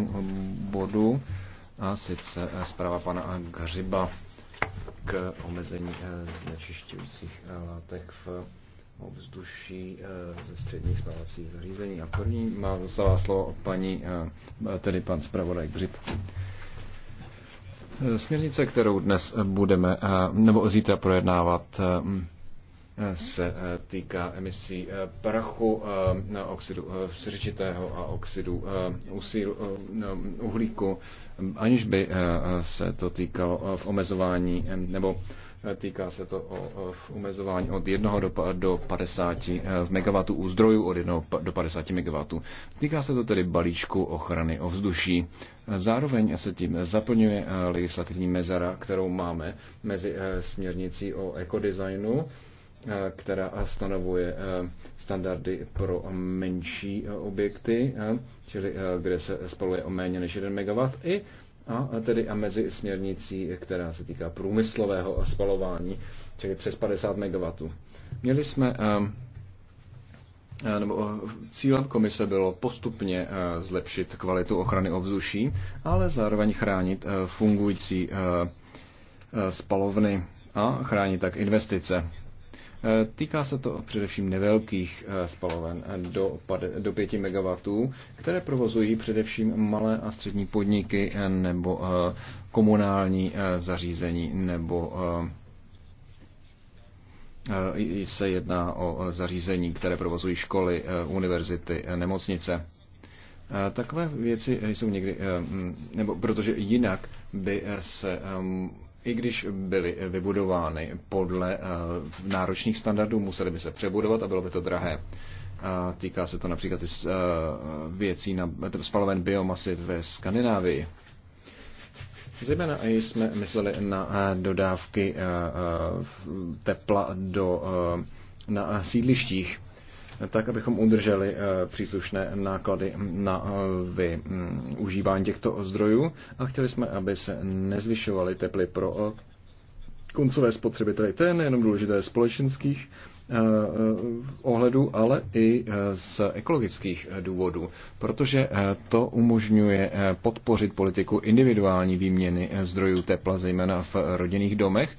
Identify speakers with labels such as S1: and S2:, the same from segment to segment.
S1: třetím bodu, a sice zpráva pana Gařiba k omezení eh, znečišťujících eh, látek v ovzduší eh, ze středních spávacích zařízení. A první má dostává slovo paní, tedy pan zpravodaj Gřib. Směrnice, kterou dnes budeme, nebo zítra projednávat, se eh, týká emisí eh, prachu, eh, oxidu sřečitého a oxidu uhlíku, aniž by se to týkalo v omezování nebo Týká se to o, v omezování od 1 do, do 50 MW u zdrojů od 1 do 50 MW. Týká se to tedy balíčku ochrany ovzduší. Zároveň se tím zaplňuje legislativní mezera, kterou máme mezi směrnicí o ekodesignu Eh, která stanovuje eh, standardy pro menší eh, objekty, čili kde se spaluje o méně než 1 MW, i a tedy a mezi směrnicí, která se týká průmyslového spalování, čili přes 50 MW. Měli jsme nebo cílem komise bylo postupně zlepšit kvalitu ochrany ovzduší, ale zároveň chránit fungující spalovny a chránit tak investice. Eh, týká se to především nevelkých eh, spaloven eh, do, do 5 MW, které provozují především malé a střední podniky nebo komunální zařízení nebo se jedná o zařízení, které provozují školy, univerzity, nemocnice. Takové věci jsou někdy, nebo protože jinak by se i když byly vybudovány podle eh, náročných standardů, museli by se přebudovat a bylo by to drahé. Eh, týká se to například i eh, věcí na spaloven biomasy ve Skandinávii. Zejména jsme mysleli na dodávky tepla do, na sídlištích tak abychom udrželi eh, příslušné náklady na eh, využívání mm, těchto zdrojů a chtěli jsme, aby se nezvyšovaly teply pro eh, koncové spotřebitele. To je nejenom důležité z společenských ohledů, ale i z ekologických důvodů, protože to umožňuje podpořit politiku individuální výměny zdrojů tepla, zejména v rodinných domech,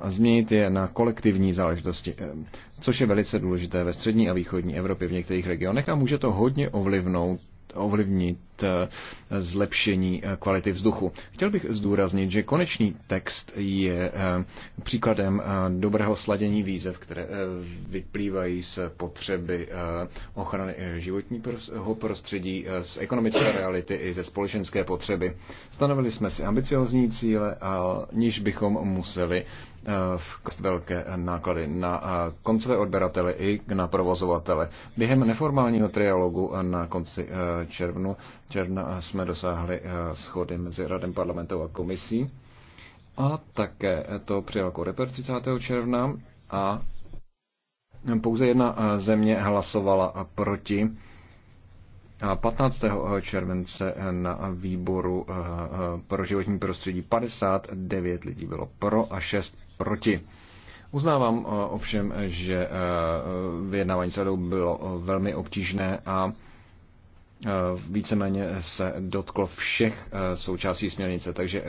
S1: a změnit je na kolektivní záležitosti, eh, což je velice důležité ve střední a východní Evropě v některých regionech a může to hodně ovlivnout ovlivnit eh, zlepšení eh, kvality vzduchu. Chtěl bych zdůraznit, že konečný text je eh, příkladem dobrého sladění výzev, které vyplývají z potřeby ochrany životního prostředí, z ekonomické reality i ze společenské potřeby. Stanovili jsme si ambiciozní cíle, a niž bychom museli v velké náklady na koncové odberatele i na provozovatele. Během neformálního trialogu na konci e, červnu, června jsme dosáhli e, schody mezi Radem parlamentu a komisí a také to přijal Koreper jako 30. června a pouze jedna e, země hlasovala proti. A 15. července na výboru pro životní prostředí 59 lidí bylo pro a 6 proti. Uznávám eh, ovšem, že eh, vyjednávání s radou bylo eh, velmi obtížné a víceméně se dotklo všech součástí směrnice. Takže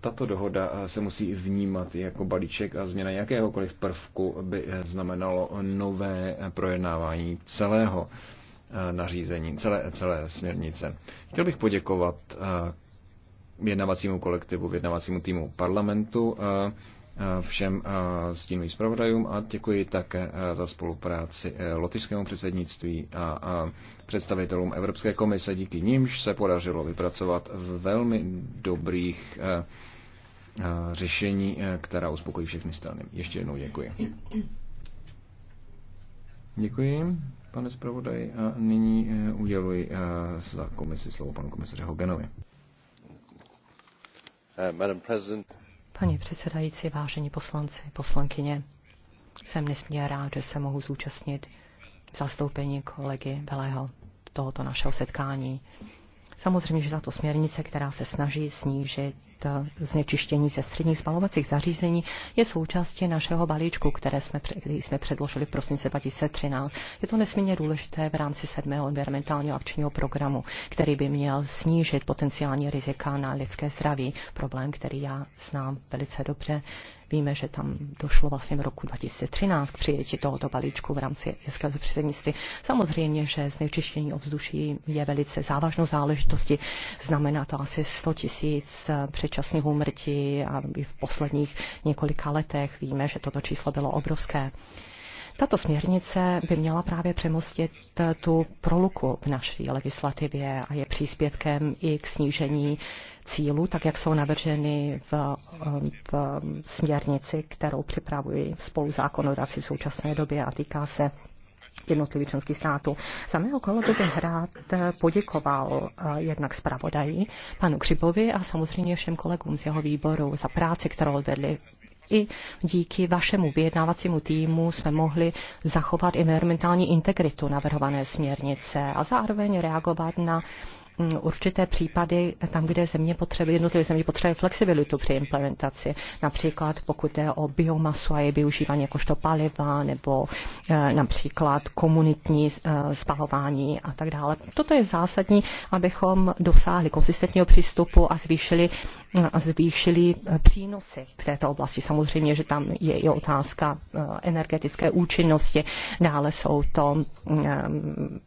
S1: tato dohoda se musí vnímat jako balíček a změna jakéhokoliv prvku by znamenalo nové projednávání celého nařízení, celé, celé směrnice. Chtěl bych poděkovat vědnavacímu kolektivu, vědnavacímu týmu parlamentu, eh, eh, všem eh, stínovým zpravodajům a děkuji také za spolupráci lotyšskému předsednictví a představitelům Evropské komise. Díky nímž se podařilo vypracovat velmi dobrých řešení, která uspokojí všechny strany. Ještě jednou děkuji. Děkuji, pane zpravodaj, a nyní uděluji za komisi slovo panu komisaře Hoganovi. Uh,
S2: Paní předsedající, vážení poslanci, poslankyně, jsem nesmírně rád, že se mohu zúčastnit v zastoupení kolegy Belého tohoto našeho setkání. Samozřejmě, že tato směrnice, která se snaží snížit znečištění ze středních spalovacích zařízení je součástí našeho balíčku, které jsme, který jsme předložili v prosince 2013. Je to nesmírně důležité v rámci sedmého environmentálního akčního programu, který by měl snížit potenciální rizika na lidské zdraví, problém, který já znám velice dobře. Víme, že tam došlo vlastně v roku 2013 k přijetí tohoto balíčku v rámci hezkého předsednictví. Samozřejmě, že znečištění ovzduší je velice závažnou záležitostí. Znamená to asi 100 tisíc předčasných úmrtí a v posledních několika letech víme, že toto číslo bylo obrovské. Tato směrnice by měla právě přemostit eh, tu proluku v naší legislativě a je příspěvkem i k snížení cílů, tak jak jsou navrženy v, eh, v směrnici, kterou připravují spolu zákonodáci v současné době a týká se jednotlivých členských států. Za mého kolegu bych rád eh, poděkoval jednak zpravodaji, panu Křibovi a samozřejmě všem kolegům z jeho výboru za práci, kterou odvedli i díky vašemu vyjednávacímu týmu jsme mohli zachovat environmentální integritu navrhované směrnice a zároveň reagovat na mm, určité případy tam, kde země potřebuje, jednotlivé země potřebuje flexibilitu při implementaci. Například pokud jde o biomasu a je využívání jakožto paliva, nebo eh, například komunitní eh, spalování a tak dále. Toto je zásadní, abychom dosáhli konsistentního přístupu a zvýšili Eh, zvýšili eh, přínosy v této oblasti. Samozřejmě, že tam je i otázka eh, energetické účinnosti, dále jsou to mm,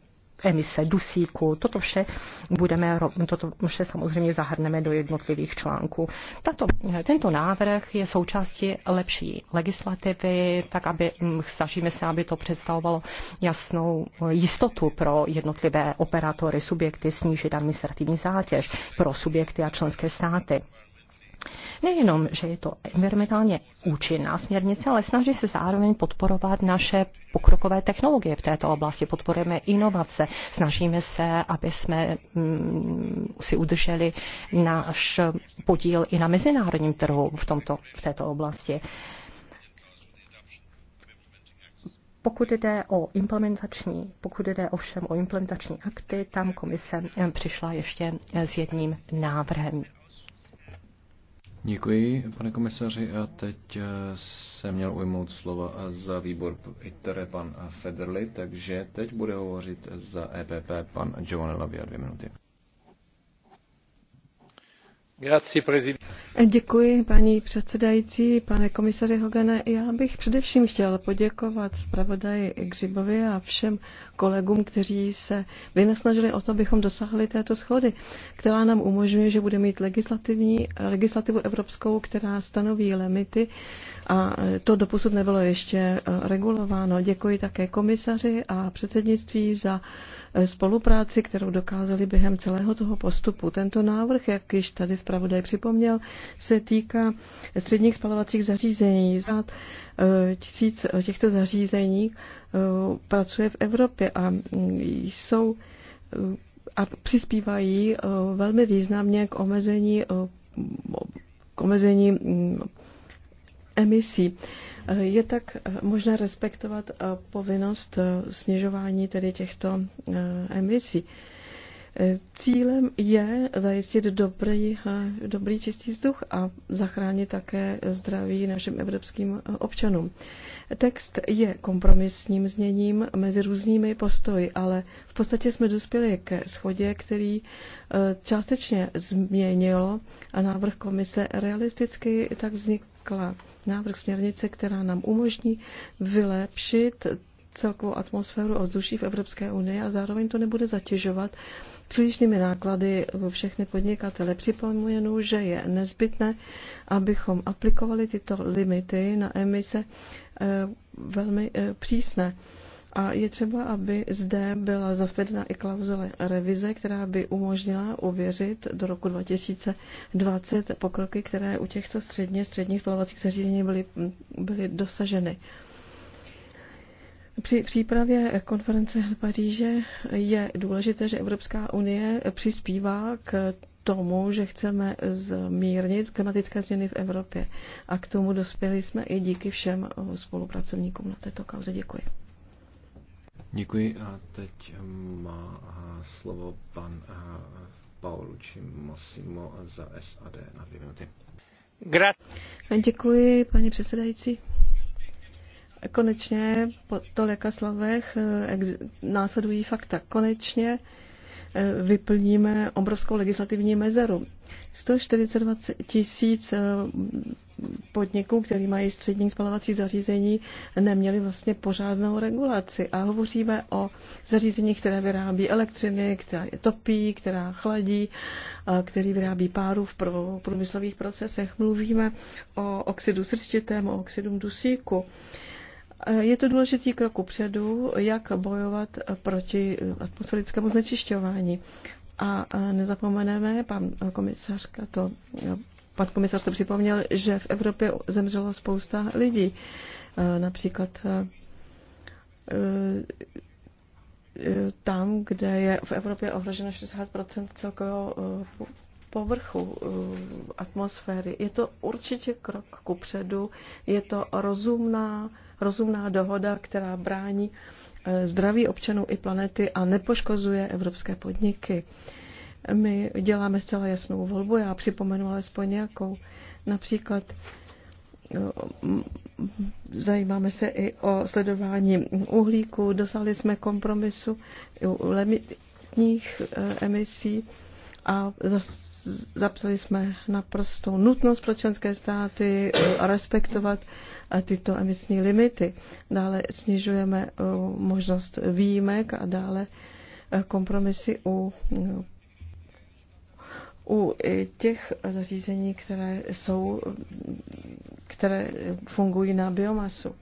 S2: emise dusíku, toto vše budeme, toto vše samozřejmě zahrneme do jednotlivých článků. Tato, tento návrh je součástí lepší legislativy, tak aby mm, snažíme se, aby to představovalo jasnou jistotu pro jednotlivé operátory, subjekty, snížit administrativní zátěž pro subjekty a členské státy. Nejenom, že je to environmentálně účinná směrnice, ale snaží se zároveň podporovat naše pokrokové technologie v této oblasti. Podporujeme inovace, snažíme se, aby jsme mm, si udrželi náš podíl i na mezinárodním trhu v, tomto, v této oblasti. Pokud jde o implementační, pokud jde ovšem o implementační akty, tam komise eh, přišla ještě eh, s jedním návrhem.
S1: Děkuji, pane komisaři. A teď eh, se měl ujmout slova eh, za výbor ITERE pan Federli, takže teď bude hovořit za EPP pan Giovanni Lavia dvě minuty.
S3: Děkuji, paní předsedající, pane komisaři Hogane. Já bych především chtěl poděkovat zpravodaji Gřibovi a všem kolegům, kteří se vynasnažili o to, abychom dosáhli této schody, která nám umožňuje, že bude mít legislativní, legislativu evropskou, která stanoví limity a to doposud nebylo ještě eh, regulováno. Děkuji také komisaři a předsednictví za eh, spolupráci, kterou dokázali během celého toho postupu. Tento návrh, jak již tady zpravodaj připomněl, se týká středních spalovacích zařízení. Zát eh, tisíc těchto zařízení pracuje v Evropě a mm, jsou a přispívají velmi významně k omezení k omezení mm, emisí. Je tak možné respektovat povinnost snižování tedy těchto eh, emisí. Cílem je zajistit dobrý, eh, dobrý čistý vzduch a zachránit také zdraví našim evropským eh, občanům. Text je kompromisním zněním mezi různými postoji, ale v podstatě jsme dospěli ke schodě, který částečně změnil a návrh komise realisticky tak vznik, vznikla návrh směrnice, která nám umožní vylepšit celkovou atmosféru ovzduší v Evropské unii a zároveň to nebude zatěžovat přílišnými náklady všechny podnikatele. Připomenu, že je nezbytné, abychom aplikovali tyto limity na emise eh, velmi eh, přísné. A je třeba, aby zde byla zavedena i klauzule revize, která by umožnila ověřit do roku 2020 pokroky, které u těchto středně středních spalovacích zařízení byly, byly dosaženy. Při přípravě konference v Paříže je důležité, že Evropská unie přispívá k tomu, že chceme zmírnit klimatické změny v Evropě. A k tomu dospěli jsme i díky všem spolupracovníkům na této kauze. Děkuji.
S1: Děkuji a teď má eh, slovo pan eh, Paolucci Massimo za SAD na dvě minuty.
S3: Děkuji, paní předsedající. Konečně po tolika slovech eh, následují fakta. Konečně vyplníme obrovskou legislativní mezeru. 142 tisíc eh, podniků, které mají střední spalovací zařízení, neměly vlastně pořádnou regulaci. A hovoříme o zařízeních, které vyrábí elektřiny, která je topí, která chladí, eh, který vyrábí páru v průmyslových procesech. Mluvíme o oxidu srčitém, o oxidu dusíku. Eh, je to důležitý krok upředu, jak bojovat proti atmosférickému znečišťování. A nezapomeneme, pan komisařka to, pan komisař to připomněl, že v Evropě zemřelo spousta lidí. E, například e, e, tam, kde je v Evropě ohroženo 60 celkového povrchu atmosféry. Je to určitě krok ku předu, je to rozumná, rozumná dohoda, která brání zdraví občanů i planety a nepoškozuje evropské podniky. My děláme zcela jasnou volbu, já připomenu alespoň nějakou. Například eh, zajímáme se i o sledování uhlíku, dosáhli jsme kompromisu u limitních eh, emisí a zase zapsali jsme naprostou nutnost pro členské státy eh, respektovat eh, tyto emisní limity. Dále snižujeme eh, možnost výjimek a dále kompromisy u, u těch zařízení, které, jsou, které fungují na biomasu.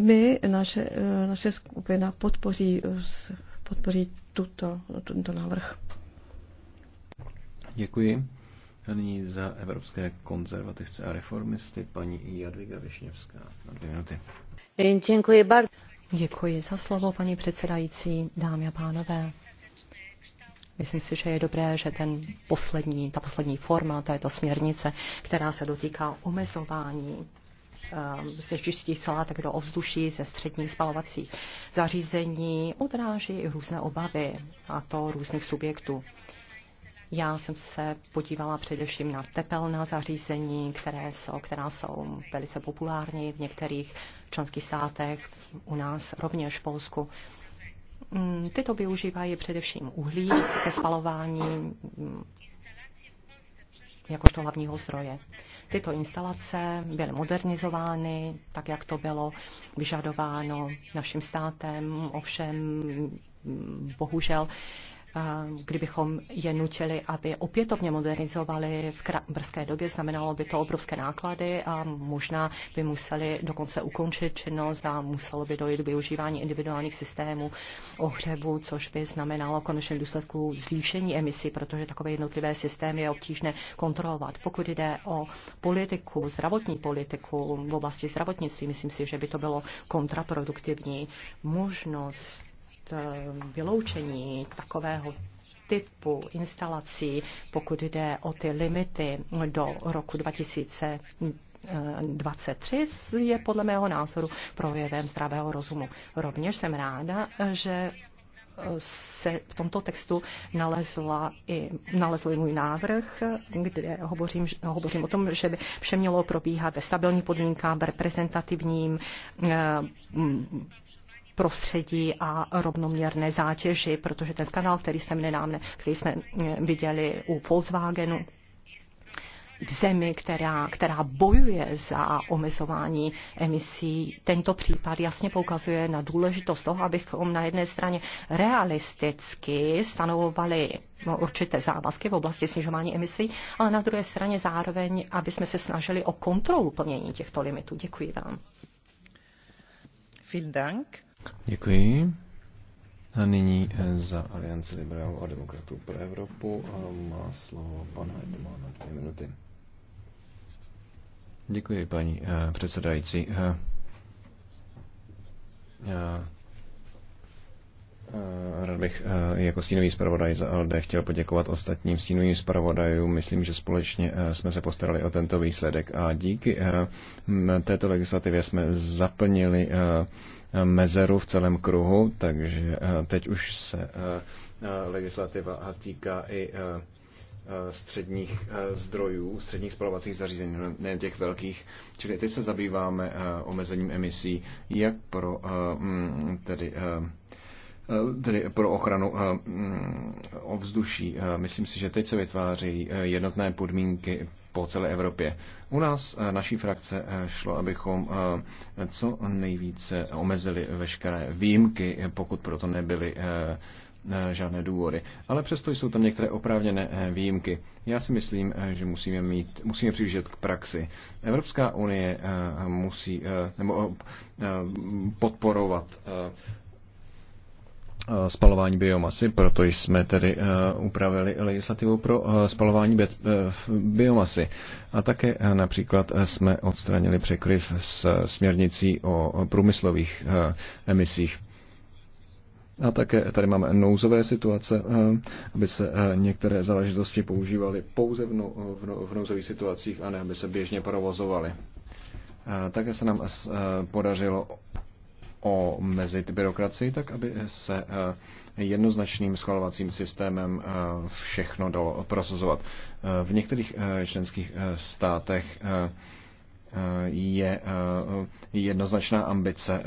S3: My, naše, naše skupina podpoří, podpoří tuto, tuto návrh.
S1: Děkuji. A nyní za evropské konzervativce a reformisty paní Jadviga Višněvská na dvě minuty.
S2: Děkuji, bar- Děkuji za slovo, paní předsedající, dámy a pánové. Myslím si, že je dobré, že ten poslední, ta poslední forma této směrnice, která se dotýká omezování ehm, znečištěných tak do ovzduší ze středních spalovacích zařízení odráží různé obavy, a to různých subjektů. Já jsem se podívala především na tepelná zařízení, které jsou, která jsou velice populární v některých členských státech, u nás rovněž v Polsku. Mm, tyto využívají především uhlí ke spalování mm, jakožto hlavního zdroje. Tyto instalace byly modernizovány, tak jak to bylo vyžadováno naším státem, ovšem mm, bohužel kdybychom je nutili, aby opětovně modernizovali v brzké době, znamenalo by to obrovské náklady a možná by museli dokonce ukončit činnost a muselo by dojít k využívání individuálních systémů ohřevu, což by znamenalo konečně důsledku zvýšení emisí, protože takové jednotlivé systémy je obtížné kontrolovat. Pokud jde o politiku, zdravotní politiku v oblasti zdravotnictví, myslím si, že by to bylo kontraproduktivní. Možnost Eh, vyloučení takového typu instalací, pokud jde o ty limity do roku 2023, je podle mého názoru projevem zdravého rozumu. Rovněž jsem ráda, že eh, se v tomto textu nalezla i, nalezl můj návrh, kde hovořím, hovořím o tom, že by vše mělo probíhat ve stabilní podmínkách, reprezentativním eh, prostředí a rovnoměrné zátěži, protože ten skandal, který jsme nedávno, který jsme eh, viděli u Volkswagenu, k zemi, která, která bojuje za omezování emisí. Tento případ jasně poukazuje na důležitost toho, abychom na jedné straně realisticky stanovovali no, určité závazky v oblasti snižování emisí, ale na druhé straně zároveň, aby jsme se snažili o kontrolu plnění těchto limitů. Děkuji vám.
S4: Vielen Dank.
S1: Děkuji. A nyní eh, za Alianci liberálů a demokratů pro Evropu a eh, má slovo pan Heitman na dvě minuty. Děkuji, paní eh, předsedající. Rád bych jako stínový zpravodaj za LD chtěl poděkovat ostatním stínovým zpravodajům. Myslím, že společně jsme se postarali o tento výsledek a díky této legislativě jsme zaplnili mezeru v celém kruhu, takže eh, teď už se eh, eh, legislativa týká i středních zdrojů, středních spalovacích zařízení, ne těch velkých. Čili teď se zabýváme omezením emisí jak pro mm, tedy tedy pro ochranu mm, ovzduší. Myslím si, že teď se vytváří jednotné podmínky po celé Evropě. U nás, eh, naší frakce, eh, šlo, abychom eh, co nejvíce omezili veškeré výjimky, pokud proto nebyly žádné důvody. Ale přesto jsou tam některé oprávněné výjimky. Já si myslím, že musíme, mít, musíme přihlížet k praxi. Evropská unie musí nebo podporovat Eh, spalování biomasy, proto jsme tedy eh, upravili legislativu pro eh, spalování biomasy. A také například jsme odstranili překryv s směrnicí o průmyslových emisích. A také tady máme nouzové situace, aby se některé záležitosti používaly pouze v nouzových situacích a ne aby se běžně provozovaly. Také se nám podařilo omezit byrokracii, tak aby se eh, jednoznačným schvalovacím systémem eh, všechno dalo prosazovat. Eh, v některých členských státech je jednoznačná ambice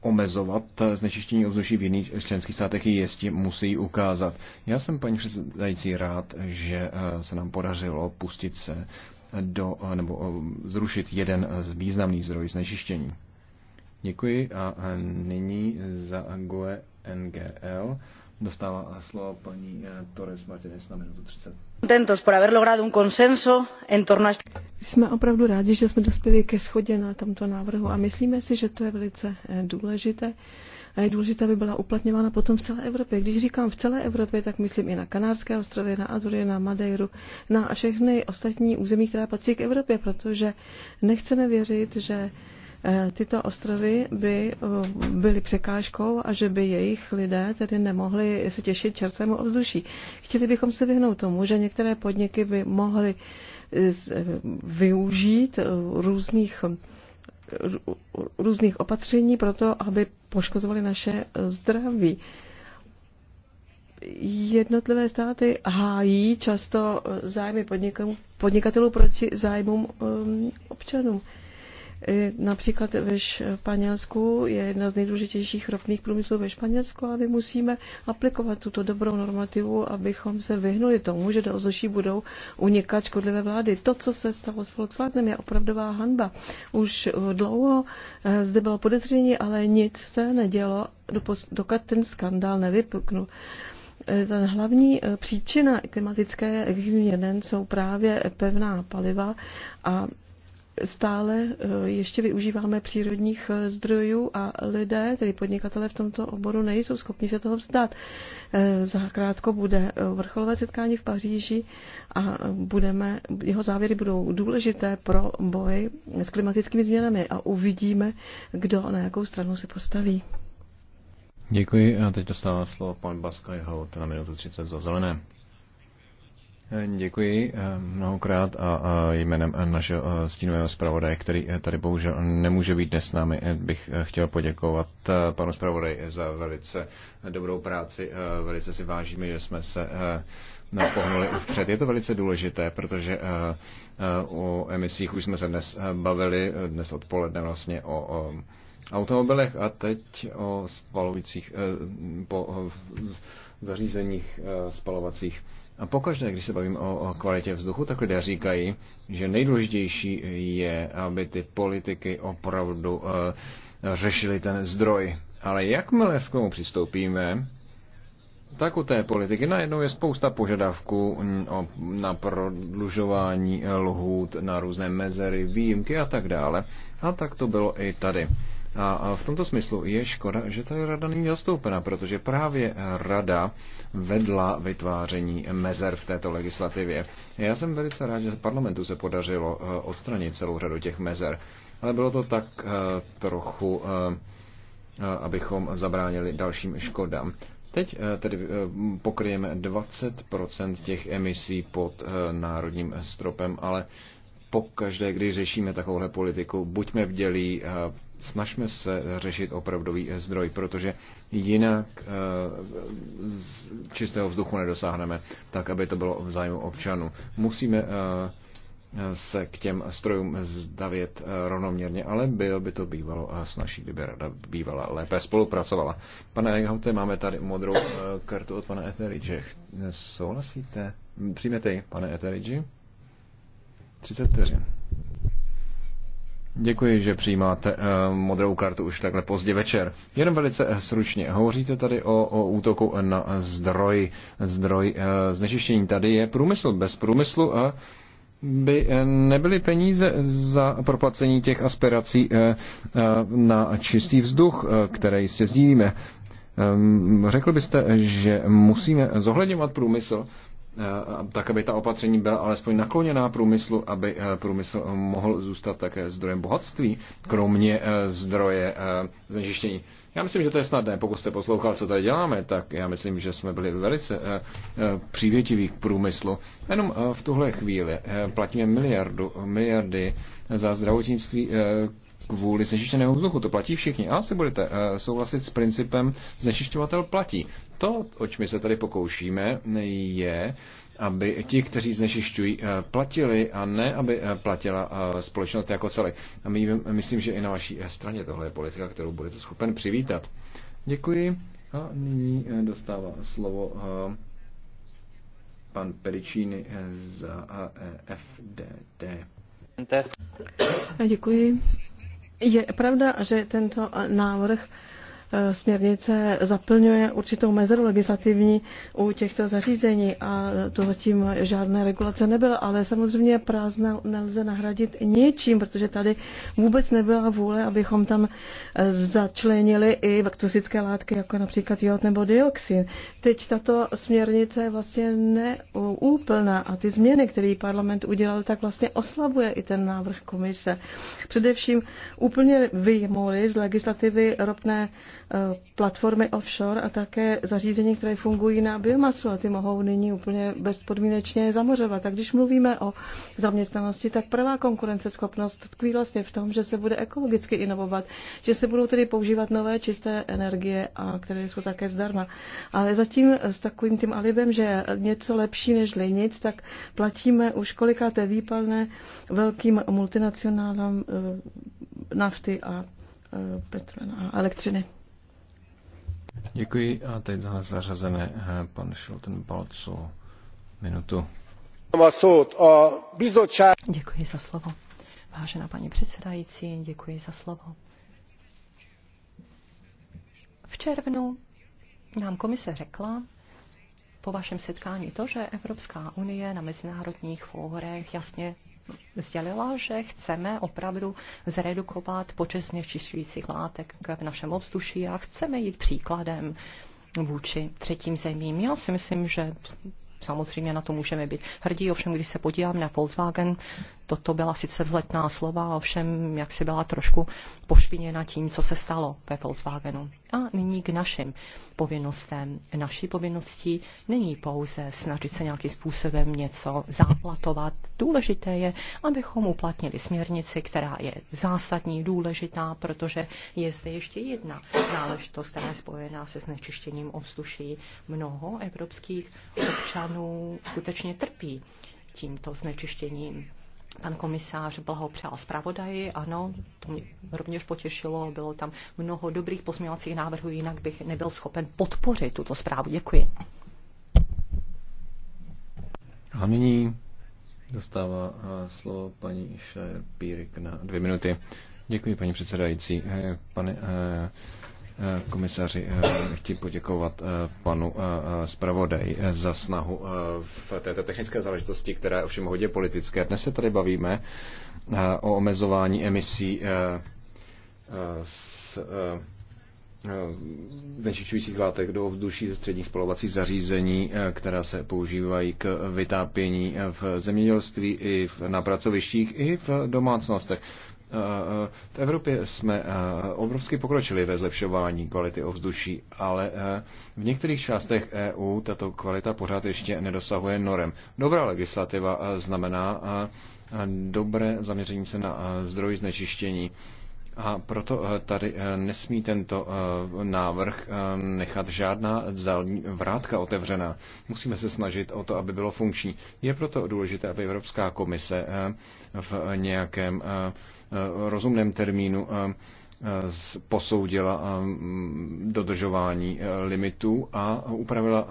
S1: omezovat znečištění ovzduší v jiných členských státech je musí ukázat. Já jsem, paní předsedající, rád, že se nám podařilo pustit se do, nebo zrušit jeden z významných zdrojů znečištění. Děkuji a nyní za GUE NGL dostává slovo paní eh, Torres Martinez na minutu 30.
S3: Jsme opravdu rádi, že jsme dospěli ke shodě na tomto návrhu a myslíme si, že to je velice eh, důležité. A je důležité, aby byla uplatňována potom v celé Evropě. Když říkám v celé Evropě, tak myslím i na Kanárské ostrovy, na Azury, na Madeiru, na všechny ostatní území, která patří k Evropě, protože nechceme věřit, že Eh, tyto ostrovy by eh, byly překážkou a že by jejich lidé tedy nemohli se těšit čerstvému ovzduší. Chtěli bychom se vyhnout tomu, že některé podniky by mohly eh, využít různých různých opatření pro to, aby poškozovali naše zdraví. Jednotlivé státy hájí často zájmy podnikatelů proti zájmům občanů. Například ve Španělsku je jedna z nejdůležitějších ropných průmyslů ve Španělsku a my musíme aplikovat tuto dobrou normativu, abychom se vyhnuli tomu, že do ozoší budou unikat škodlivé vlády. To, co se stalo s Volkswagenem, je opravdová hanba. Už dlouho eh, zde bylo podezření, ale nic se nedělo, dokud ten skandál nevypuknul. Eh, ten hlavní eh, příčina klimatické změny jsou právě pevná paliva a stále eh, ještě využíváme přírodních eh, zdrojů a lidé, tedy podnikatele v tomto oboru, nejsou schopni se toho vzdát. Eh, Zakrátko bude vrcholové setkání v Paříži a budeme, jeho závěry budou důležité pro boj s klimatickými změnami a uvidíme, kdo na jakou stranu se postaví.
S1: Děkuji a teď dostává slovo pan Baska jeho na minutu 30 za zelené. Děkuji eh, mnohokrát a jménem eh, našeho eh, stínového zpravodaje, který tady bohužel nemůže být dnes s námi, bych chtěl poděkovat panu zpravodaji za velice dobrou práci. Velice si vážíme, že jsme se no, pohnuli vpřed. Je to velice důležité, protože o emisích už jsme se dnes bavili, dnes odpoledne vlastně o automobilech a teď o spalujících, po zařízeních spalovacích. A pokaždé, když se bavím o, kvalitě vzduchu, tak lidé říkají, že nejdůležitější je, aby ty politiky opravdu eh, řešily ten zdroj. Ale jakmile k tomu přistoupíme, tak u té politiky najednou je spousta požadavků na prodlužování lhůt, na různé mezery, výjimky a tak dále. A tak to bylo i tady. A v tomto smyslu je škoda, že ta rada není zastoupena, protože právě rada vedla vytváření mezer v této legislativě. Já jsem velice rád, že parlamentu se podařilo e, odstranit celou řadu těch mezer, ale bylo to tak e, trochu, e, abychom zabránili dalším škodám. Teď tedy pokryjeme 20% těch emisí pod národním stropem, stropem, ale pokaždé, když řešíme takovouhle politiku, buďme vdělí, snažme se řešit opravdový zdroj, protože jinak eh, čistého vzduchu nedosáhneme tak, aby to bylo v zájmu občanů. Musíme eh, se k těm strojům zdavět eh, rovnoměrně, ale bylo by to bývalo snažší, kdyby rada bývala lépe spolupracovala. Pane Eichhaute, máme tady modrou kartu od pana Etheridge. Souhlasíte? Přijmete ji, pane Etheridge? 30 vteřin. Děkuji, že přijímáte eh, modrou kartu už takhle pozdě večer. Jenom velice eh, sručně. Hovoříte tady o, o útoku na zdroj, zdroj eh, znečištění. Tady je průmysl. Bez průmyslu by nebyly peníze za proplacení těch aspirací na čistý vzduch, které jistě sdílíme. Ehm, řekl byste, že musíme zohledňovat průmysl Eh, tak aby ta opatření byla alespoň nakloněná průmyslu, aby eh, průmysl mohl zůstat také zdrojem bohatství, kromě eh, zdroje znečištění. Já myslím, že to je snadné. Pokud jste poslouchal, co tady děláme, tak já myslím, že jsme byli velice přívětiví k průmyslu. Jenom v tuhle chvíli platíme miliardu, miliardy za zdravotnictví, kvůli znečištěnému vzduchu. To platí všichni. A asi budete eh, souhlasit s principem znečišťovatel platí. To, oč my se tady pokoušíme, je aby ti, kteří znečišťují, eh, platili a ne, aby eh, platila společnost jako celek. A my, myslím, že i na vaší straně tohle je politika, kterou budete schopen přivítat. Děkuji. A nyní dostává slovo pan Pericini za FDD.
S3: Děkuji, je pravda, že tento eh, návrh E, směrnice zaplňuje určitou mezeru legislativní u těchto zařízení a to zatím žádné regulace nebylo, ale samozřejmě prázdna nelze nahradit něčím, protože tady vůbec nebyla vůle, abychom tam e, začlenili i toxické látky, jako například jod nebo dioxin. Teď tato směrnice je vlastně neúplná a ty změny, které parlament udělal, tak vlastně oslabuje i ten návrh komise. Především úplně vyjmuli z legislativy ropné Eh, platformy offshore a také zařízení, které fungují na biomasu a ty mohou nyní úplně bezpodmínečně zamořovat. A když mluvíme o zaměstnanosti, tak prvá konkurenceschopnost tkví vlastně v tom, že se bude ekologicky inovovat, že se budou tedy používat nové čisté energie, a které jsou také zdarma. Ale zatím s takovým tím alibem, že něco lepší než nic, tak platíme už kolikáté výpalné velkým multinacionálům eh, nafty a eh, petrol a elektřiny.
S1: Děkuji a teď za zařazené eh, pan Šilten Balcu minutu.
S2: Děkuji za slovo. Vážená paní předsedající, děkuji za slovo. V červnu nám komise řekla, po vašem setkání to, že Evropská unie na mezinárodních fórech jasně sdělila, že chceme opravdu zredukovat počet znečišťujících látek v našem ovzduší a chceme jít příkladem vůči třetím zemím. Já si myslím, že samozřejmě na to můžeme být hrdí, ovšem když se podívám na Volkswagen, toto byla sice vzletná slova, ovšem jak si byla trošku pošpiněna tím, co se stalo ve Volkswagenu. A nyní k našim povinnostem. Naší povinností není pouze snažit se nějakým způsobem něco záplatovat. Důležité je, abychom uplatnili směrnici, která je zásadní, důležitá, protože je zde ještě jedna záležitost, která je spojená se znečištěním ovzduší. Mnoho evropských občanů občanů skutečně trpí tímto znečištěním. Pan komisář blahopřál zpravodaji, ano, to mě rovněž potěšilo, bylo tam mnoho dobrých pozměňovacích návrhů, jinak bych nebyl schopen podpořit tuto zprávu. Děkuji.
S1: A nyní dostává eh, slovo paní Šajer Pírik na dvě minuty. Děkuji, paní předsedající. Eh, pane, eh, Eh, komisaři, eh, chci poděkovat eh, panu zpravodaj za snahu v této technické záležitosti, která je ovšem hodně politické. Dnes se tady bavíme o omezování emisí z znečišťujících látek do vzduší ze středních spalovacích zařízení, která se používají k vytápění v zemědělství i v, na pracovištích, i v domácnostech. V Evropě jsme obrovsky pokročili ve zlepšování kvality ovzduší, ale v některých částech EU tato kvalita pořád ještě nedosahuje norem. Dobrá legislativa znamená dobré zaměření se na zdroj znečištění a proto eh, tady eh, nesmí tento eh, návrh nechat žádná zální vrátka otevřená. Musíme se snažit o to, aby bylo funkční. Je proto důležité, aby Evropská komise v nějakém rozumném termínu posoudila dodržování limitů a upravila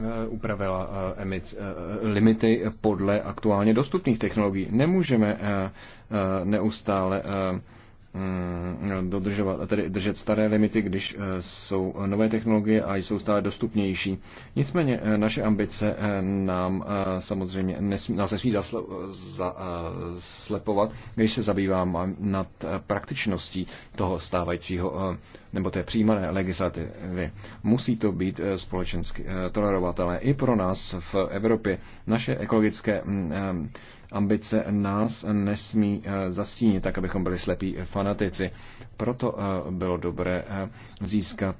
S1: Eh, upravila eh, emic, eh, limity podle aktuálně dostupných technologií. Nemůžeme neustále Mm, dodržovat, tedy držet staré limity, když eh, jsou eh, nové technologie a jsou stále dostupnější. Nicméně eh, naše ambice nám samozřejmě nesmí, nás nesmí zasle, zaslepovat, když se zabývám nad praktičností toho stávajícího nebo té přijímané legislativy. Musí to být společensky tolerovatelné i pro nás v Evropě. Naše ekologické mm, ambice nás nesmí eh, zastínit, tak abychom byli slepí fanatici. Proto eh, bylo dobré eh, získat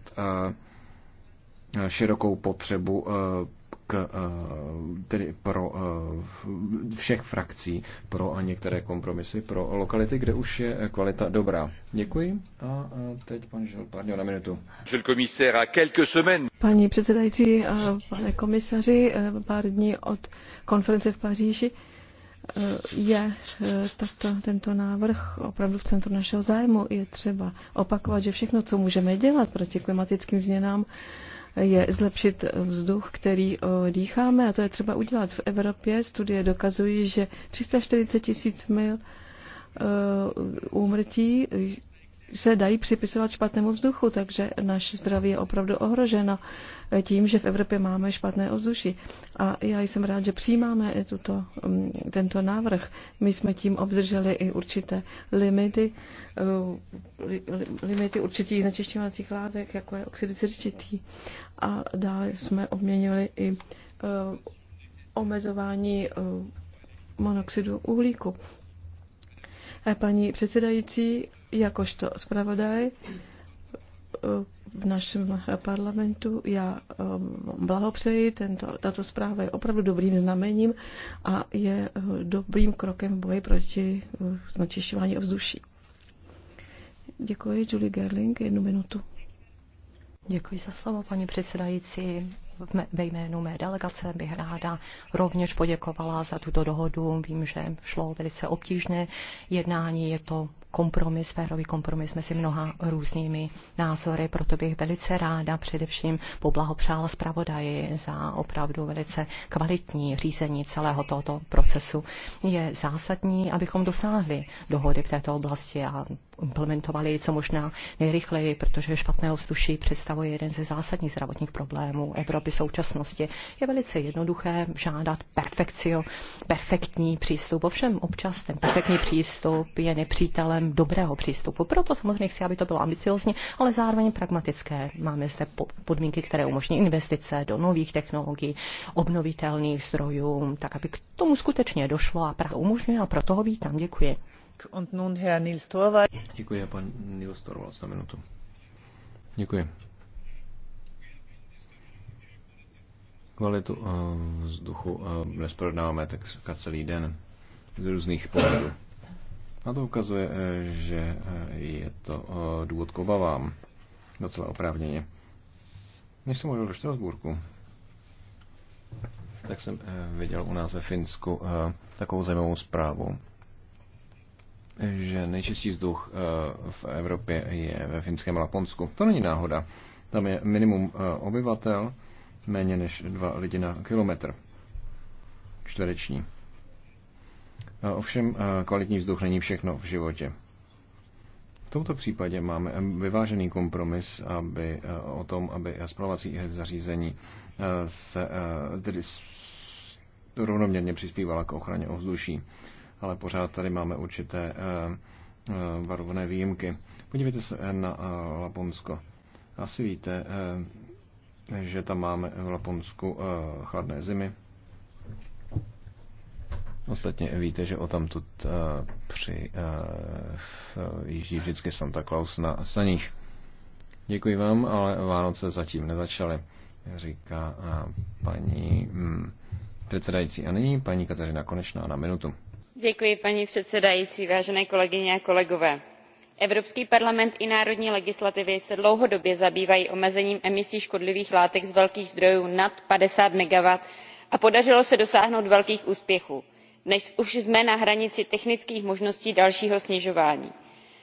S1: širokou potřebu k, tedy pro všech frakcí, pro některé kompromisy, pro lokality, kde už je kvalita dobrá. Děkuji. A teď pan Žil, pardon, na minutu.
S3: Paní předsedající, pane komisaři, pár dní od konference v Paříži je eh, tato, tento návrh opravdu v centru našeho zájmu. Je třeba opakovat, že všechno, co můžeme dělat proti klimatickým změnám, je zlepšit vzduch, který eh, dýcháme a to je třeba udělat v Evropě. Studie dokazují, že 340 tisíc mil eh, úmrtí se dají připisovat špatnému vzduchu, takže naše zdraví je opravdu ohroženo tím, že v Evropě máme špatné ovzduší. A já jsem rád, že přijímáme tuto, mm, tento návrh. My jsme tím obdrželi i určité limity, eh, limity určitých znečišťovacích látek, jako je oxid siřčitý. A dále jsme obměnili i eh, omezování eh, monoxidu uhlíku. Paní předsedající, jakožto zpravodaj eh, v našem parlamentu. Já eh, blahopřeji, tento, tato zpráva je opravdu dobrým znamením a je eh, dobrým krokem v boji proti znečišťování ovzduší. Děkuji,
S2: Julie Gerling, jednu minutu. Děkuji za slovo, paní předsedající. Ve jménu mé delegace bych ráda rovněž poděkovala za tuto dohodu. Vím, že šlo velice obtížné jednání, je to kompromis, férový kompromis mezi mnoha různými názory, proto bych velice ráda především poblahopřála zpravodaji za opravdu velice kvalitní řízení celého tohoto procesu. Je zásadní, abychom dosáhli dohody v této oblasti a implementovali ji co možná nejrychleji, protože špatného ovzduší představuje jeden ze zásadních zdravotních problémů Evropy současnosti. Je velice jednoduché žádat perfekcio, perfektní přístup. Ovšem občas ten perfektní přístup je nepřítelem dobrého přístupu. Proto samozřejmě chci, aby to bylo ambiciozní, ale zároveň pragmatické. Máme zde podmínky, které umožní investice do nových technologií, obnovitelných zdrojů, tak aby k tomu skutečně došlo a Praha umožňuje a pro toho vítám. Děkuji. Und nun Herr Nils
S1: Děkuji, pan Nils Torval, za minutu. Děkuji. Kvalitu uh, vzduchu uh, dnes tak celý den z různých pohledů. Na to ukazuje, eh, že eh, je to eh, důvod k obavám docela oprávněně. Než jsem mluvil do Štrasburku, tak jsem viděl u nás ve Finsku takovou zajímavou zprávu, že nejčistší vzduch v Evropě je ve finském Laponsku. To není náhoda. Tam je minimum obyvatel, méně než dva lidi na kilometr čtvereční. Ovšem eh, kvalitní vzduch není všechno v životě. V tomto případě máme eh, vyvážený kompromis aby, eh, o tom, aby spalovací zařízení se tedy rovnoměrně přispívala k ochraně ovzduší. Ale pořád tady máme určité varovné výjimky. Podívejte se na Laponsko. Asi víte, že tam máme v Laponsku chladné zimy, Ostatně víte, že o tamtud uh, při uh, jíždí vždycky Santa Claus na saních. Děkuji vám, ale Vánoce zatím nezačaly, říká uh, paní um, předsedající. A nyní paní Kateřina Konečná na minutu.
S5: Děkuji, paní předsedající, vážené kolegyně a kolegové evropský parlament i národní legislativy se dlouhodobě zabývají omezením emisí škodlivých látek z velkých zdrojů nad 50 MW a podařilo se dosáhnout velkých úspěchů už jsme na hranici technických možností dalšího snižování.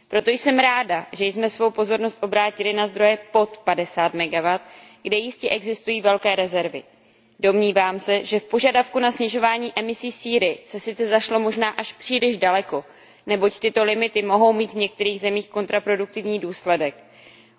S5: proto jsem ráda že jsme svou pozornost obrátili na zdroje pod fifty mw kde jistě existují velké rezervy. domnívám se že v požadavku na snižování emisí síry se sice zašlo možná až příliš daleko neboť tyto limity mohou mít v některých zemích kontraproduktivní důsledek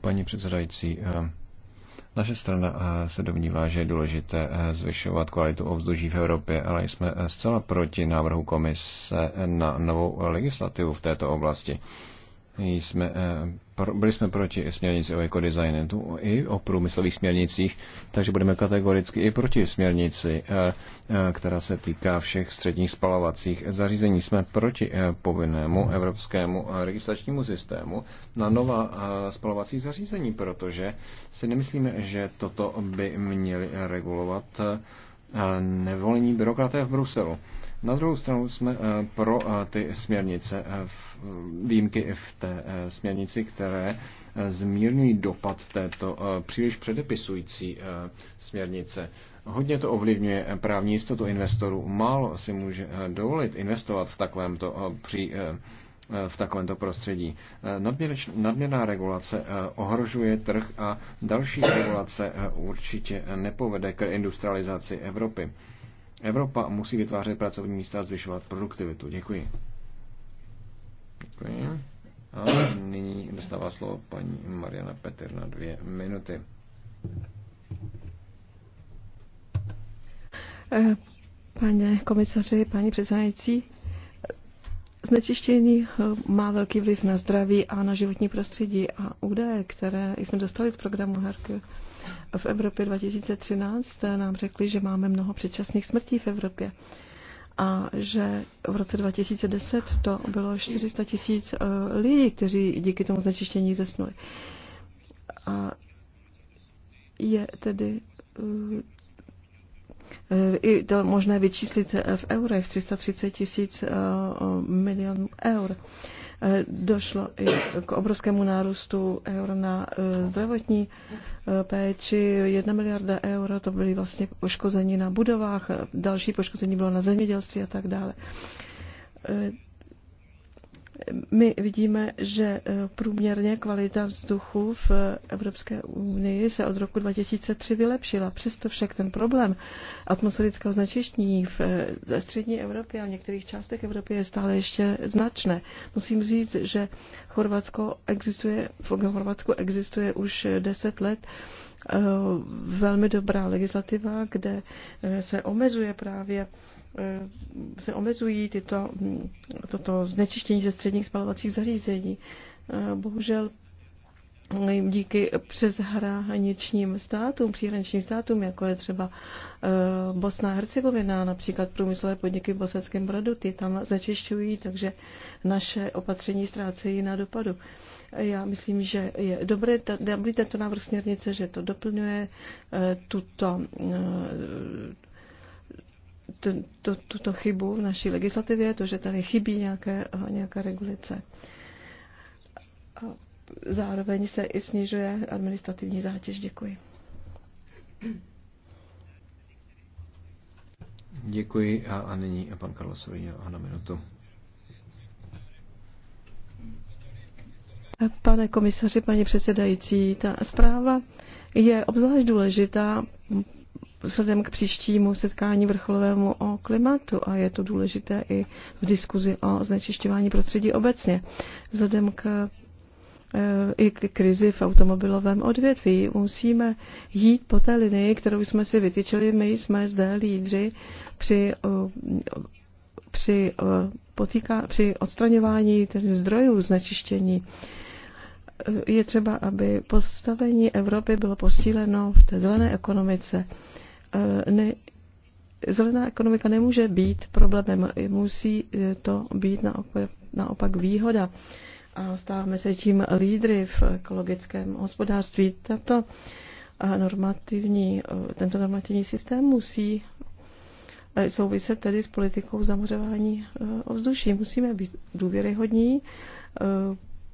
S1: paní předsedající. Eh, naše strana eh, se domnívá, že je důležité eh, zvyšovat kvalitu ovzduší v Evropě, ale jsme zcela proti návrhu komise na novou legislativu v této oblasti jsme, eh, byli jsme proti směrnici o ekodesignu i o průmyslových směrnicích, takže budeme kategoricky i proti směrnici, eh, eh, která se týká všech středních spalovacích zařízení. Jsme proti povinnému evropskému registračnímu systému na nová spalovací zařízení, protože si nemyslíme, že toto by měli regulovat nevolení byrokraté v Bruselu. Na druhou stranu jsme eh, pro eh, ty směrnice, eh, výjimky v té směrnici, které zmírňují dopad této příliš předepisující směrnice. Hodně to ovlivňuje právní jistotu investorů. Málo si může dovolit investovat v takovémto při v takovémto prostředí. Nadměrná regulace eh, ohrožuje trh a další regulace eh, určitě nepovede k industrializaci Evropy. Evropa musí vytvářet pracovní místa a zvyšovat produktivitu. Děkuji. Děkuji. A nyní dostává slovo paní Mariana Petr na dvě minuty.
S3: Eh, pane komisaři, paní předsedající, Znečištění eh, má velký vliv na zdraví a na životní prostředí a údaje, které jsme dostali z programu Harker v Evropě 2013, eh, nám řekli, že máme mnoho předčasných smrtí v Evropě a že v roce 2010 to bylo 400 tisíc eh, lidí, kteří díky tomu znečištění zesnuli. A je tedy i to možné vyčíslit v eurech, 330 tisíc eh, milionů eur. Eh, došlo i k obrovskému nárůstu eur na eh, zdravotní péči. Jedna miliarda eur to byly vlastně poškození na budovách, další poškození bylo na zemědělství a tak dále my vidíme, že e, průměrně kvalita vzduchu v e, Evropské unii se od roku 2003 vylepšila. Přesto však ten problém atmosférického znečištění v, e, střední Evropě a v některých částech Evropy je stále ještě značné. Musím říct, že Chorvatsko existuje, v Chorvatsku existuje už 10 let Eh, velmi dobrá legislativa, kde eh, se omezuje právě eh, se omezují tyto, hm, toto znečištění ze středních spalovacích zařízení. Bohužel hm, díky přeshraničním státům, příhraničním státům, jako je třeba Bosna a Hercegovina, například průmyslové podniky v Bosenském Bradu, ty tam znečišťují, takže naše opatření ztrácejí na dopadu. Já myslím, že je dobré, dobrý tento návrh směrnice, že to doplňuje eh, tuto, eh, tuto, tuto chybu v naší legislativě, to, že tady chybí nějaké, eh, nějaká regulace. A zároveň se i snižuje administrativní zátěž. Děkuji.
S1: Děkuji a, a nyní a pan Karlosovi a na minutu.
S3: Pane komisaři, paní předsedající, ta zpráva je obzvlášť důležitá vzhledem k příštímu setkání vrcholovému o klimatu a je to důležité i v diskuzi o znečišťování prostředí obecně. Vzhledem k eh, i k krizi v automobilovém odvětví. Musíme jít po té linii, kterou jsme si vytyčili. My jsme zde lídři při, eh, při, eh, potýka, při odstraňování zdrojů znečištění je třeba, aby postavení Evropy bylo posíleno v té zelené ekonomice. E, ne, zelená ekonomika nemůže být problémem, musí e, to být naopak, naopak výhoda. A stáváme se tím lídry v ekologickém hospodářství. Tato e, normativní, tento normativní systém musí souviset tedy s politikou zamořování ovzduší. Musíme být důvěryhodní,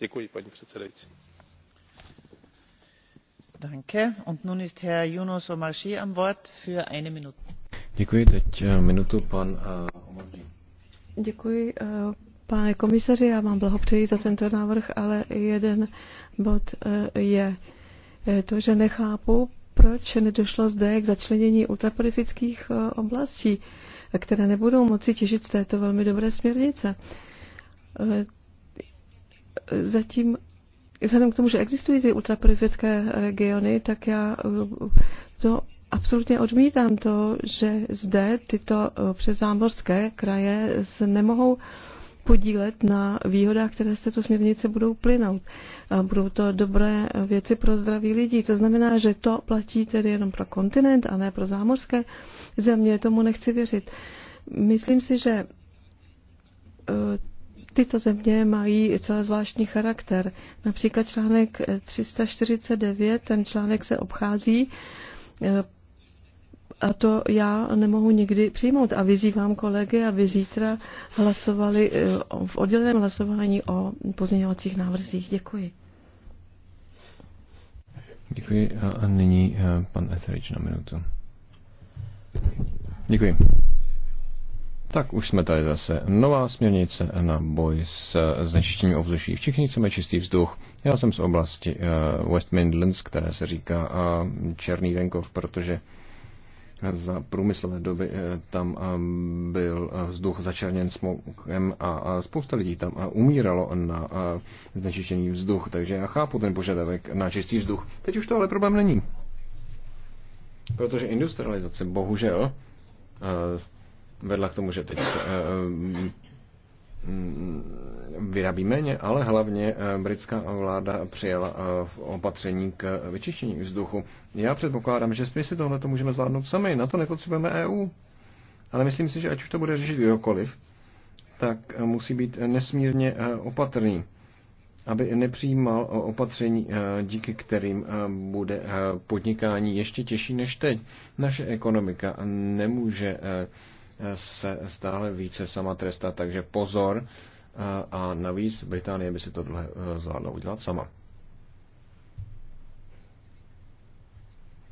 S4: Děkuji, paní předsedající.
S1: Děkuji, teď eh, minutu pan eh,
S4: Omarjee.
S3: Děkuji, eh, pane komisaři, já vám blahopřeji za tento návrh, ale jeden bod je to, že nechápu, proč nedošlo zde k začlenění ultraperiferických oblastí, které nebudou moci těžit z této velmi dobré směrnice zatím vzhledem k tomu, že existují ty ultraperiferické regiony, tak já eh, to absolutně odmítám to, že zde tyto eh, předzámorské kraje se nemohou podílet na výhodách, které z této směrnice budou plynout. budou to dobré věci pro zdraví lidí. To znamená, že to platí tedy jenom pro kontinent a ne pro zámořské země. Tomu nechci věřit. Myslím si, že eh, Tyto země mají celé zvláštní charakter. Například článek 349, ten článek se obchází eh, a to já nemohu nikdy přijmout. A vyzývám kolegy, aby zítra hlasovali eh, v odděleném hlasování o pozměňovacích návrzích. Děkuji.
S1: Děkuji a nyní eh, pan Eterič na minutu. Děkuji. Tak už jsme tady zase. Nová směrnice na boj s znečištěním ovzduší. Všichni chceme čistý vzduch. Já jsem z oblasti eh, West Midlands, které se říká eh, Černý venkov, protože za průmyslové doby eh, tam byl vzduch začerněn smokem a spousta lidí tam umíralo na znečištění vzduch, takže já chápu ten požadavek na čistý vzduch. Teď už to ale problém není. Protože industrializace bohužel vedla k tomu, že teď eh, eh, vyrábí méně, ale hlavně eh, britská vláda v opatření k vyčištění vzduchu. Já předpokládám, že my si tohle to můžeme zvládnout sami, na to nepotřebujeme EU. Ale myslím si, že ať už to bude řešit kdokoliv, tak musí být nesmírně opatrný, aby nepřijímal opatření, díky kterým bude podnikání ještě těžší než teď. Naše ekonomika nemůže se stále více sama trestat, takže pozor. A navíc Británie by si to eh, zvládla udělat sama.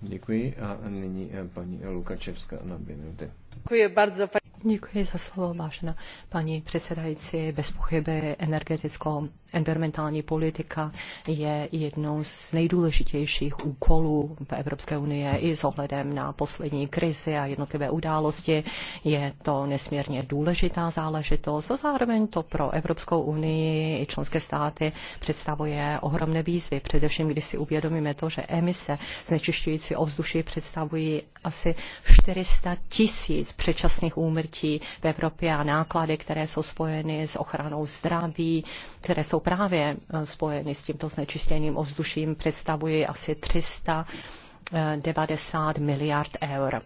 S1: Děkuji a nyní eh, paní Lukačevská na dvě minuty.
S2: Děkuji bardzo. Děkuji za slovo, vážená paní předsedající. Bez pochyby energeticko environmentální politika je jednou z nejdůležitějších úkolů v Evropské unie i s ohledem na poslední krizi a jednotlivé události. Je to nesmírně důležitá záležitost a zároveň to pro Evropskou unii i členské státy představuje ohromné výzvy, především když si uvědomíme to, že emise znečišťující ovzduší představují asi 400 tisíc předčasných úmrtí dětí v Evropě a náklady, které jsou spojeny s ochranou zdraví, které jsou právě eh, spojeny s tímto znečištěným ovzduším, představují asi 390 eh, miliard eur.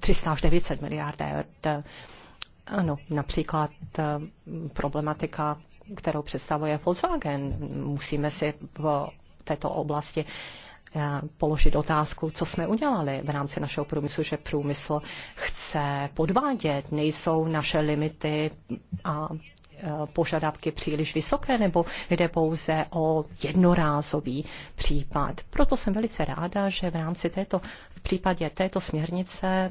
S2: 300 až 900 miliard eur. Eh, ano, například problematika, kterou představuje Volkswagen. Musíme si v této oblasti Eh, položit otázku, co jsme udělali v rámci našeho průmyslu, že průmysl chce podvádět, nejsou naše limity a eh, požadavky příliš vysoké, nebo jde pouze o jednorázový případ. Proto jsem velice ráda, že v rámci této, v případě této směrnice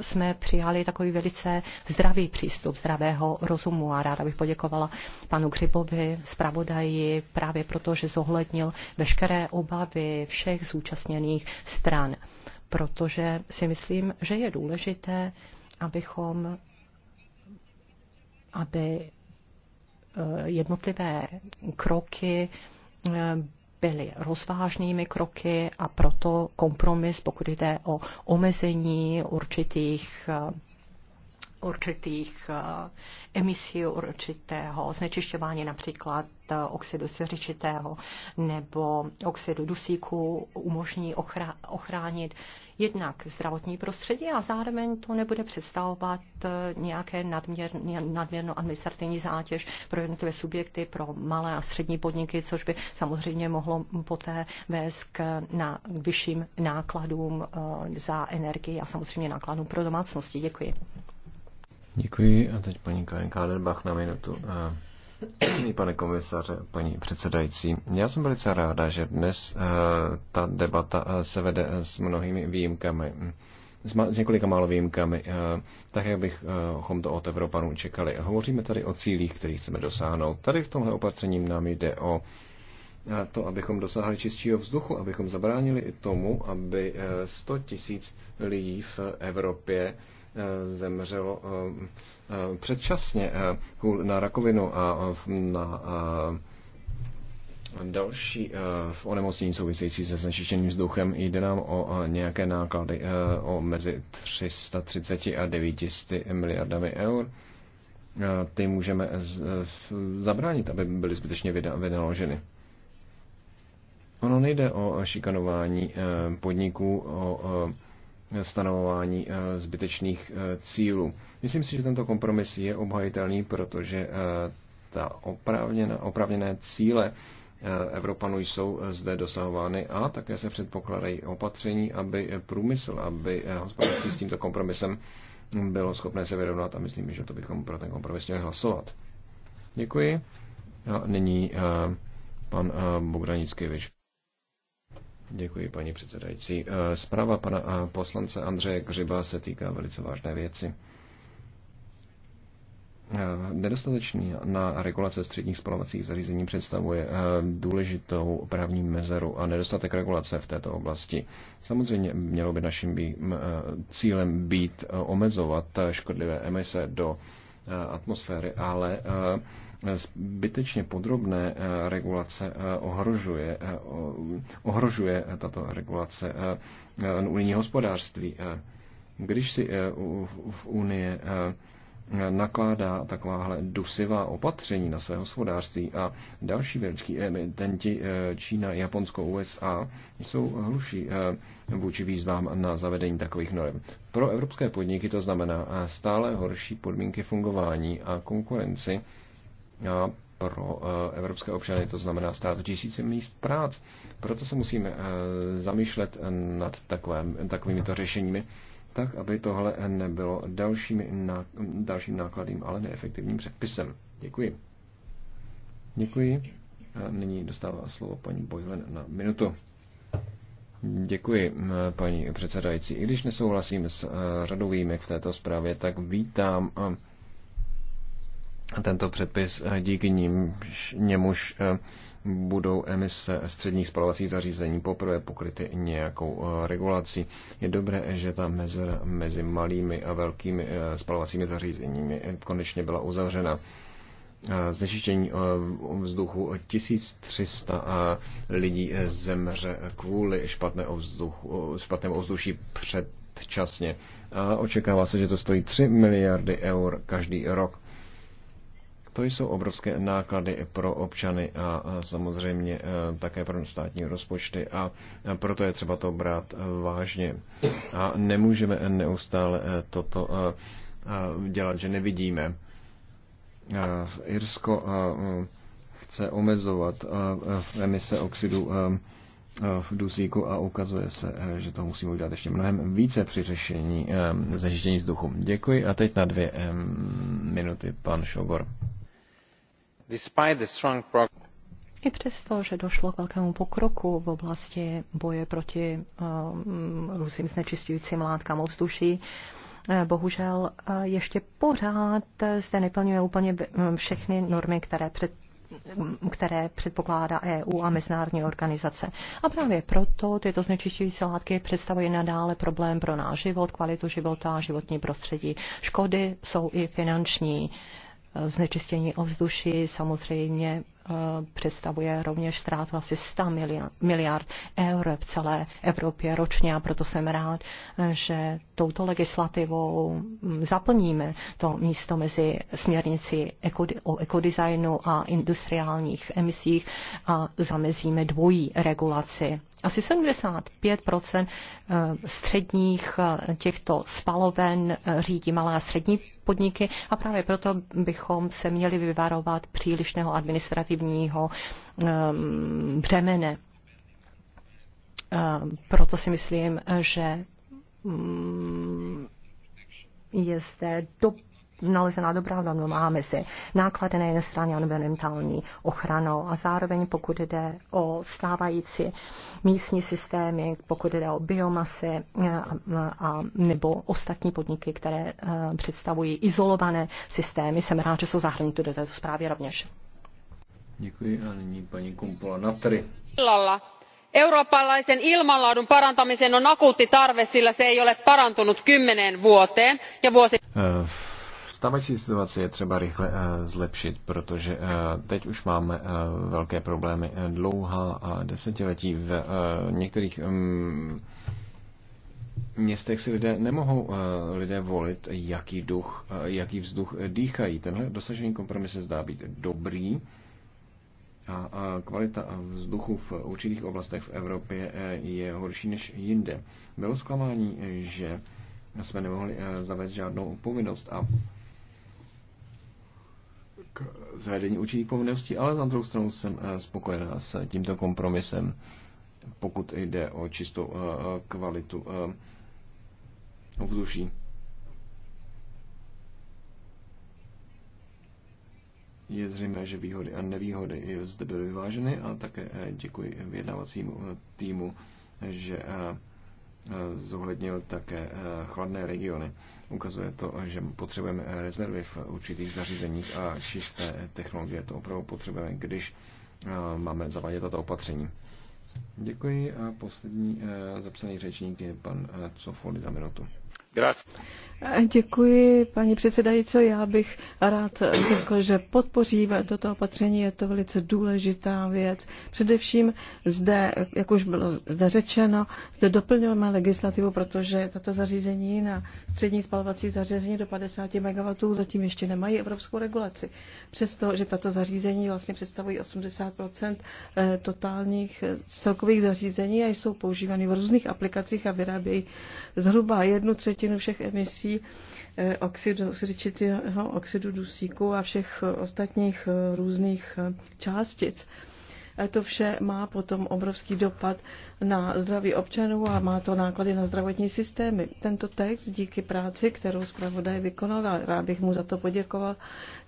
S2: jsme přijali takový velice zdravý přístup zdravého rozumu a ráda bych poděkovala panu Křibovi, zpravodaji, právě proto, že zohlednil veškeré obavy všech zúčastněných stran, protože si myslím, že je důležité, abychom, aby eh, jednotlivé kroky eh, byly rozvážnými kroky a proto kompromis, pokud jde o omezení určitých určitých eh, emisí, určitého znečišťování například eh, oxidu seřičitého nebo oxidu dusíku umožní ochránit jednak zdravotní prostředí a zároveň to nebude představovat eh, nějaké nadměr, nadměrnou administrativní zátěž pro jednotlivé subjekty, pro malé a střední podniky, což by samozřejmě mohlo poté vést k, na, k vyšším nákladům eh, za energii a samozřejmě nákladům pro domácnosti. Děkuji.
S1: Děkuji a teď paní Karin Kádenbach na minutu. A... Eh, Pane komisaře, paní předsedající, já jsem velice ráda, že dnes eh, ta debata eh, se vede eh, s mnohými výjimkami s několika málo výjimkami, tak jak bychom to od Evropanů čekali. Hovoříme tady o cílích, kterých chceme dosáhnout. Tady v tomhle opatření nám jde o to, abychom dosáhli čistšího vzduchu, abychom zabránili i tomu, aby 100 tisíc lidí v Evropě zemřelo Eh, předčasně eh, na rakovinu a na eh, Další v onemocnění související se znečištěným vzduchem jde nám o nějaké náklady o mezi 330 a 900 miliardami eur. Ty můžeme zabránit, aby byly zbytečně vynaloženy. Ono nejde o šikanování podniků, o stanovování eh, zbytečných eh, cílů. Myslím si, že tento kompromis je obhajitelný, protože eh, ta oprávněna, oprávněné cíle Evropanů jsou zde dosahovány a také se předpokládají opatření, aby průmysl, aby hospodářství s tímto kompromisem bylo schopné se vyrovnat a myslím, že to bychom pro ten kompromis měli hlasovat. Děkuji. A nyní pan Bogdanický Děkuji, paní předsedající. Eh, zpráva pana eh, poslance Andřeje Křiba se týká velice vážné věci. Eh, nedostatečný na regulace středních spalovacích zařízení představuje důležitou právní mezeru a nedostatek regulace v této oblasti. Samozřejmě mělo by naším cílem být omezovat škodlivé emise do Eh, atmosféry, ale eh, zbytečně podrobné eh, regulace ohrožuje, ohrožuje tato regulace unijní hospodářství. Když si v Unie nakládá takováhle dusivá opatření na své hospodářství a další velčí emitenti eh, Čína, Japonsko, USA jsou hluší eh, vůči výzvám na zavedení takových norm. Pro evropské podniky to znamená eh, stále horší podmínky fungování a konkurenci a pro evropské občany to znamená stát tisíce míst prác. Proto se musíme zamýšlet nad takovými to řešeními tak aby tohle nebylo dalším, ná, dalším nákladným, ale neefektivním předpisem. Děkuji. Děkuji. A nyní dostává slovo paní Bojlen na minutu. Děkuji, paní předsedající. I když nesouhlasím s eh, řadou výjimek v této zprávě, tak vítám eh, tento předpis, eh, díky ním, němuž eh, budou emise středních spalovacích zařízení poprvé pokryty nějakou eh, regulací. Je dobré, že ta mezera mezi malými a velkými spalovacími zařízeními konečně byla uzavřena. Znečištění vzduchu 1300 lidí zemře kvůli špatné ovzduchu, špatnému ovzduší předčasně. A očekává se, že to stojí 3 miliardy eur každý rok to jsou obrovské náklady pro občany a samozřejmě e, také pro státní rozpočty a proto je třeba to brát e, vážně. A nemůžeme neustále e, toto dělat, že nevidíme. Irsko chce omezovat emise oxidu v dusíku a ukazuje se, že to musíme udělat ještě mnohem více při řešení zažištění vzduchu. Děkuji a teď na dvě minuty pan Šogor.
S2: I přesto, že došlo k velkému pokroku v oblasti boje proti eh, různým znečistujícím látkám ovzduší, eh, bohužel eh, ještě pořád zde neplňuje úplně všechny normy, které před které předpokládá EU a mezinárodní organizace. A právě proto tyto znečišťující látky představují nadále problém pro náš život, kvalitu života, životní prostředí. Škody jsou i finanční. E, znečištění ovzduší. Samozřejmě představuje rovněž ztrátu asi 100 miliard, eur v celé Evropě ročně a proto jsem rád, že touto legislativou mm, zaplníme to místo mezi směrnici o ekodesignu a industriálních emisích a zamezíme dvojí regulaci. Asi 75 eh, středních eh, těchto spaloven eh, řídí malé a střední podniky a právě proto bychom se měli vyvarovat přílišného administrativního administrativního ehm, břemene. Ehm, proto si myslím, že mm, je zde do, nalezená dobrá rovnou. Máme si náklady na jedné straně environmentální ochranou a zároveň pokud jde o stávající místní systémy, pokud jde o biomasy eh, a, a, nebo ostatní podniky, které a, eh, představují izolované systémy, jsem rád, že jsou zahrnuty do této
S1: zprávy rovněž. Děkuji a nyní paní Kumpola Natry.
S5: Eurooppalaisen ilmanlaadun parantamiseen on akuutti tarve, sillä se ei ole parantunut kymmeneen vuoteen ja vuosi...
S1: Eh, stávající situace je třeba rychle eh, zlepšit, protože eh, teď už máme velké problémy dlouhá a desetiletí v některých mm, městech si lidé nemohou lidé volit, jaký, duch, jaký vzduch dýchají. Tenhle dosažený kompromis se zdá být dobrý a kvalita vzduchu v určitých oblastech v Evropě e, je horší než jinde. Bylo zklamání, e, že jsme nemohli e, zavést žádnou povinnost a k zavedení určitých povinností, ale na druhou stranu jsem spokojen s tímto kompromisem, pokud jde o čistou kvalitu ovzduší. je zřejmé, že výhody a nevýhody zde byly vyváženy a také eh, děkuji vyjednávacímu eh, týmu, že eh, zohlednil také chladné regiony. Ukazuje to, že potřebujeme rezervy v určitých zařízeních a čisté technologie to opravdu potřebujeme, když máme zavadět tato opatření. Děkuji a poslední zapsaný řečník je pan Cofoli za minutu. Grazie.
S3: Děkuji, paní předsedající. Já bych rád řekl, že podpořím toto opatření, je to velice důležitá věc. Především zde, jak už bylo zde řečeno, zde doplňujeme legislativu, protože tato zařízení na střední spalovací zařízení do 50 MW zatím ještě nemají evropskou regulaci. Přesto, že tato zařízení vlastně představují 80 eh, totálních eh, celkových zařízení a jsou používány v různých aplikacích a vyrábějí zhruba jednu třetinu všech emisí oxidu oxidu dusíku a všech ostatních eh, různých eh, částic. To vše má potom obrovský dopad na zdraví občanů a má to náklady na zdravotní systémy. Tento text díky práci, kterou zpravodaj vykonal, a rád bych mu za to poděkoval,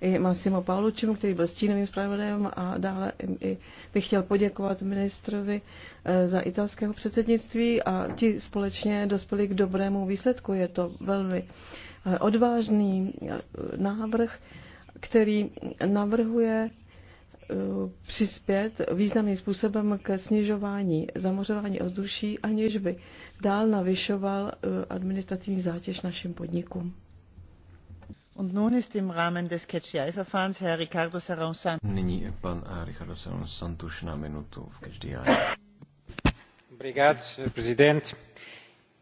S3: i Massimo Paulučimu, který byl stínovým zpravodajem a dále i bych chtěl poděkovat ministrovi eh, za italského předsednictví a ti společně dospěli k dobrému výsledku. Je to velmi eh, odvážný eh, návrh, který navrhuje Eh, přispět významným způsobem ke snižování zamořování ovzduší, aniž by dál navyšoval eh, administrativní zátěž
S4: našim podnikům. Und nun ist im Rahmen des KCI-Verfahrens Herr Ricardo Serrón
S1: Nyní je pan eh, Ricardo Serrón Santos na minutu v KCI. Obrigado, Presidente.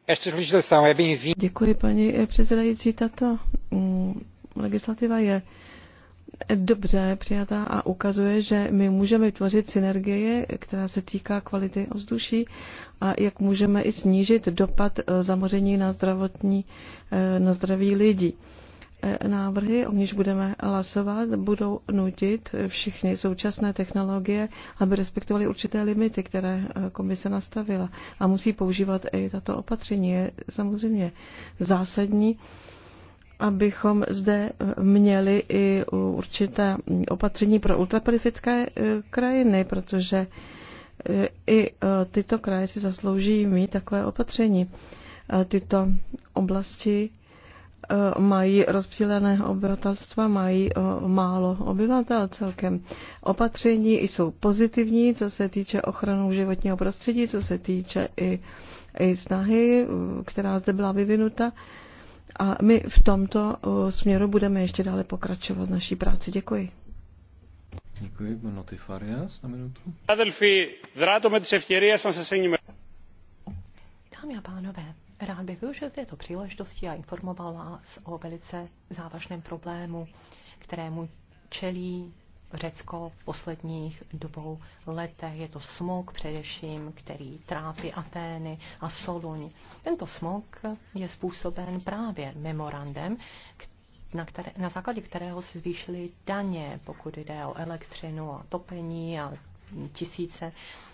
S1: Esta legislação é bem-vinda. Děkuji,
S3: paní předsedající. Tato mm, legislativa je dobře přijatá a ukazuje, že my můžeme vytvořit synergie, která se týká kvality ovzduší a jak můžeme i snížit dopad eh, zamoření na, zdravotní, eh, na zdraví lidí. Eh, návrhy, o níž budeme hlasovat, budou nutit všechny současné technologie, aby respektovaly určité limity, které komise nastavila. A musí používat i tato opatření. Je samozřejmě zásadní, abychom zde měli i určité opatření pro ultraperifické e, krajiny, protože e, i e, tyto kraje si zaslouží mít takové opatření. Tyto oblasti mají rozptýlené obyvatelstva, mají málo obyvatel celkem. Opatření jsou pozitivní, co se týče ochranu životního prostředí, co se týče i, i snahy, která zde byla vyvinuta. A my v tomto směru budeme ještě dále pokračovat naší práci. Děkuji.
S1: Děkuji, Notifarias, na minutu. Adelfi, dráto me tis ευκαιρία σας σας
S2: Dámy a pánové, rád bych využil této příležitosti a informoval vás o velice závažném problému, kterému čelí Řecko v posledních dvou letech. Je to smog především, který trápí Atény a Soluň. Tento smog je způsoben právě memorandem, na, které, na základě kterého se zvýšily daně, pokud jde o elektřinu a topení a tisíce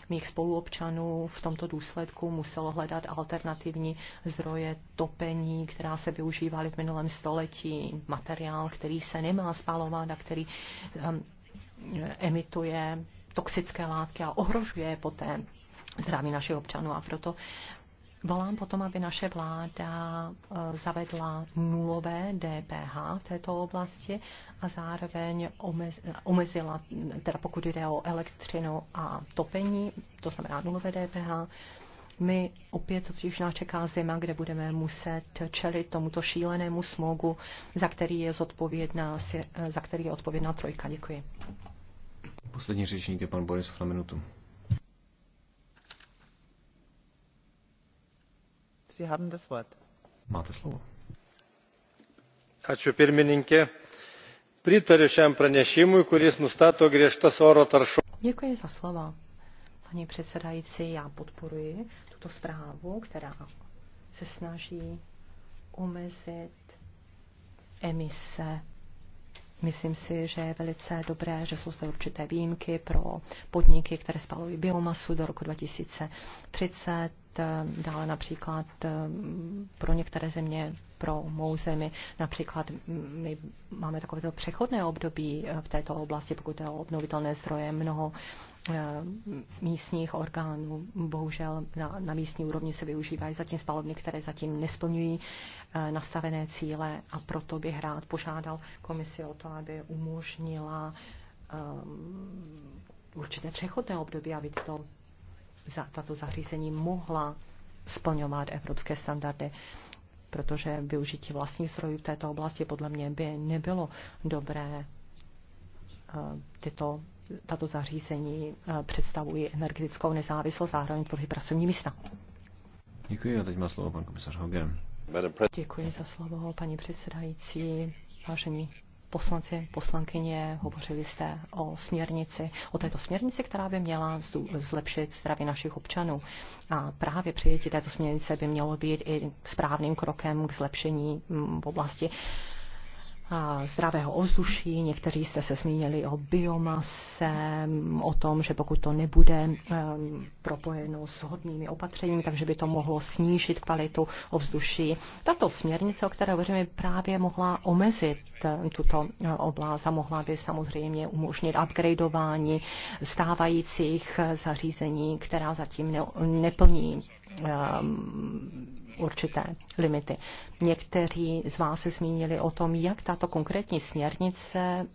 S2: mých spoluobčanů v tomto důsledku muselo hledat alternativní zdroje topení, která se využívaly v minulém století, materiál, který se nemá spalovat a který um, emituje toxické látky a ohrožuje poté zdraví našich občanů. A proto volám potom, aby naše vláda eh, zavedla nulové DPH v této oblasti a zároveň omezila, teda pokud jde o elektřinu a topení, to znamená nulové DPH, my opět totiž nás čeká zima, kde budeme muset čelit tomuto šílenému smogu, za který je zodpovědná, za který je odpovědná trojka.
S4: Děkuji.
S1: Poslední řečník je pan Borisov na minutu.
S4: Sie haben das Wort.
S1: Máte slovo. Ačiū pirmininkė. Pritariu šiam pranešimui, kuris nustato griežtas oro taršos.
S2: Děkuji za slova. Paní předsedající, já podporuji tuto zprávu, která se snaží omezit emise. Myslím si, že je velice dobré, že jsou zde určité výjimky pro podniky, které spalují biomasu do roku 2030. Dále například ehm, pro některé země, pro mou zemi, například mm, my máme takovéto přechodné období eh, v této oblasti, pokud je o obnovitelné zdroje, mnoho Eh, místních orgánů. Bohužel na, na místní úrovni se využívají zatím spalovny, které zatím nesplňují eh, nastavené cíle a proto bych rád požádal komisi o to, aby umožnila eh, určité přechodné období, aby tyto, za, tato zařízení mohla splňovat evropské standardy protože využití vlastních zdrojů v této oblasti podle mě by nebylo dobré tyto tato zařízení eh, představují energetickou nezávislost, zároveň pro pracovní místa.
S1: Děkuji a teď má slovo pan komisař Hogan. Děkuji
S2: za slovo, paní předsedající, vážení poslanci, poslankyně, hovořili jste o směrnici, o této směrnici, která by měla zlepšit zdraví našich občanů. A právě přijetí této směrnice by mělo být i správným krokem k zlepšení mm, v oblasti zdravého ovzduší, někteří jste se zmínili o biomase, o tom, že pokud to nebude propojeno s hodnými opatřeními, takže by to mohlo snížit kvalitu ovzduší. Tato směrnice, o které hovoříme, právě mohla omezit tuto oblast a mohla by samozřejmě umožnit upgradeování stávajících zařízení, která zatím neplní určité limity. Někteří z vás se zmínili o tom, jak tato konkrétní směrnice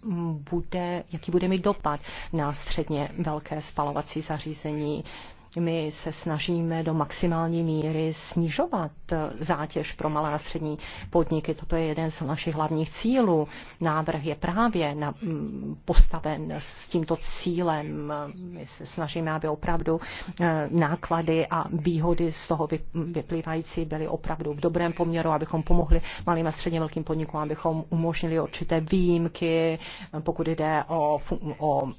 S2: bude, jaký bude mít dopad na středně velké spalovací zařízení, my se snažíme do maximální míry snižovat eh, zátěž pro malé a střední podniky. Toto je jeden z našich hlavních cílů. Návrh je právě na, mm, postaven s tímto cílem. My se snažíme, aby opravdu eh, náklady a výhody z toho vyplývající byly opravdu v dobrém poměru, abychom pomohli malým a středně velkým podnikům, abychom umožnili určité výjimky, eh, pokud jde o, o o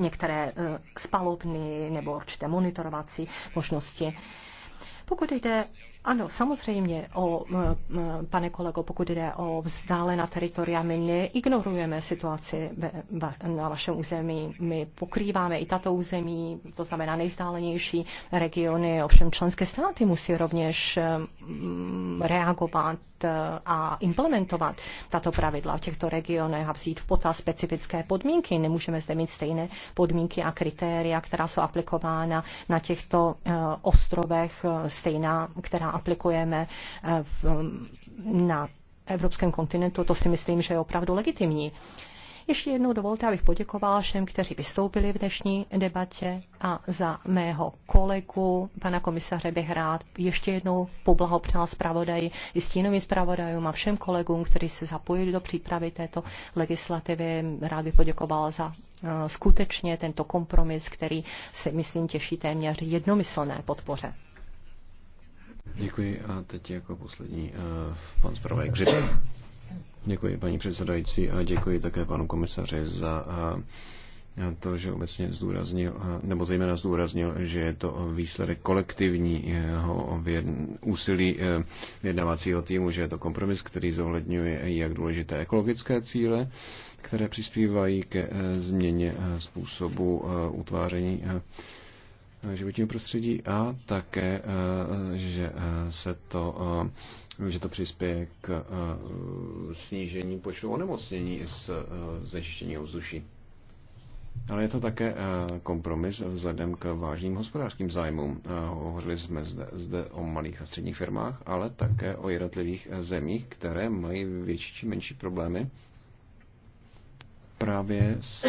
S2: některé eh, spalovny nebo určité monitorovací možnosti. Pokud jde, ano, samozřejmě, o, eh, eh, pane kolego, pokud jde o vzdálená teritoria, my neignorujeme situaci na vašem území. My pokrýváme i tato území, to znamená nejzdálenější regiony, ovšem členské státy musí rovněž reagovat Eh, a implementovat tato pravidla v těchto regionech a vzít v potaz specifické podmínky. Nemůžeme zde mít stejné podmínky a kritéria, která jsou aplikována na těchto eh, ostrovech, eh, stejná, která aplikujeme v, na evropském kontinentu. To si myslím, že je opravdu legitimní. Ještě jednou dovolte, abych poděkoval všem, kteří vystoupili v dnešní debatě a za mého kolegu, pana komisaře, bych rád ještě jednou poblahopřál zpravodaji i stínovým zpravodajům a všem kolegům, kteří se zapojili do přípravy této legislativy. Rád bych poděkoval za eh, skutečně tento kompromis, který si myslím těší téměř jednomyslné podpoře.
S1: Děkuji a teď jako poslední eh, pan zpravodaj Děkuji paní předsedající a děkuji také panu komisaři za to, že obecně zdůraznil, nebo zejména zdůraznil, že je to výsledek kolektivního úsilí e, vědnavacího týmu, že je to kompromis, který zohledňuje jak důležité ekologické cíle, které přispívají ke e, změně e, způsobu utváření životního prostředí a také, že se to že to přispěje k eh, snížení počtu onemocnění z eh, znečištění ovzduší. Ale je to také eh, kompromis vzhledem k vážným hospodářským zájmům. Hovořili jsme zde, zde o malých a středních firmách, ale také o jednotlivých zemích, které mají větší či menší problémy právě s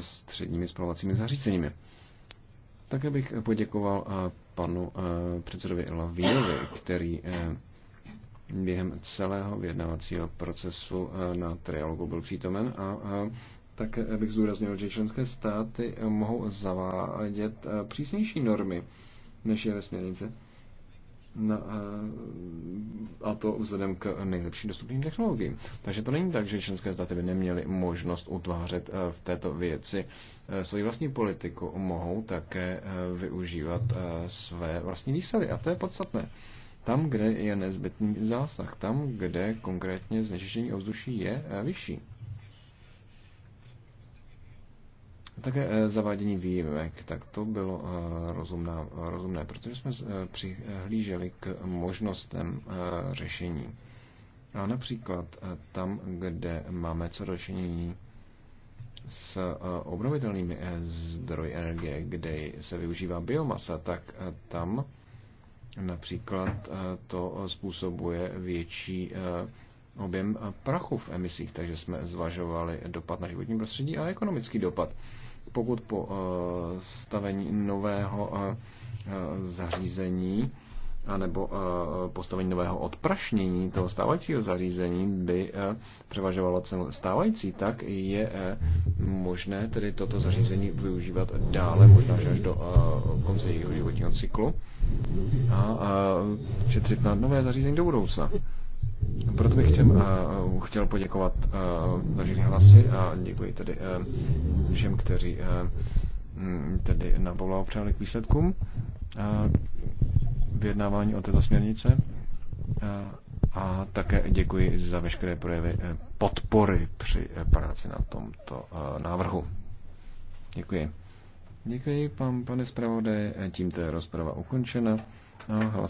S1: středními spalovacími zařízeními. Také bych poděkoval panu předsedovi Lavínovi, který během celého vyjednávacího procesu eh, na trialogu byl přítomen a tak eh, bych zúraznil, že členské státy eh, mohou zavádět přísnější normy, než je ve směrnice. Na, a to vzhledem k nejlepším dostupným technologiím. Takže to není tak, že členské státy by neměly možnost utvářet v této věci svoji vlastní politiku. Mohou také využívat své vlastní výsady a to je podstatné tam, kde je nezbytný zásah, tam, kde konkrétně znečištění ovzduší je eh, vyšší. Také eh, zavádění výjimek, tak to bylo eh, rozumná, rozumné, protože jsme přihlíželi k možnostem řešení. A například tam, kde máme co dočinění s obnovitelnými zdroji energie, kde se využívá biomasa, tak tam Například eh, to způsobuje větší eh, objem prachu v emisích, takže jsme zvažovali dopad na životní prostředí a ekonomický dopad. Pokud po eh, stavení nového zařízení anebo eh, postavení nového odprašnění toho stávajícího zařízení by eh, převažovalo cenu stávající, tak je eh, možné tedy toto zařízení využívat dále, možná že až do konce jejího životního cyklu a šetřit na nové zařízení do budoucna. Proto bych těm, uh, chtěl poděkovat uh, za všechny hlasy a děkuji tedy uh, všem, kteří uh, tedy přáli k výsledkům. Uh, vyjednávání o této směrnice. A také děkuji za veškeré projevy eh, podpory při eh, práci na tomto eh, návrhu. Děkuji. Děkuji, pan, pane zpravodaj. Tímto je rozprava ukončena. No,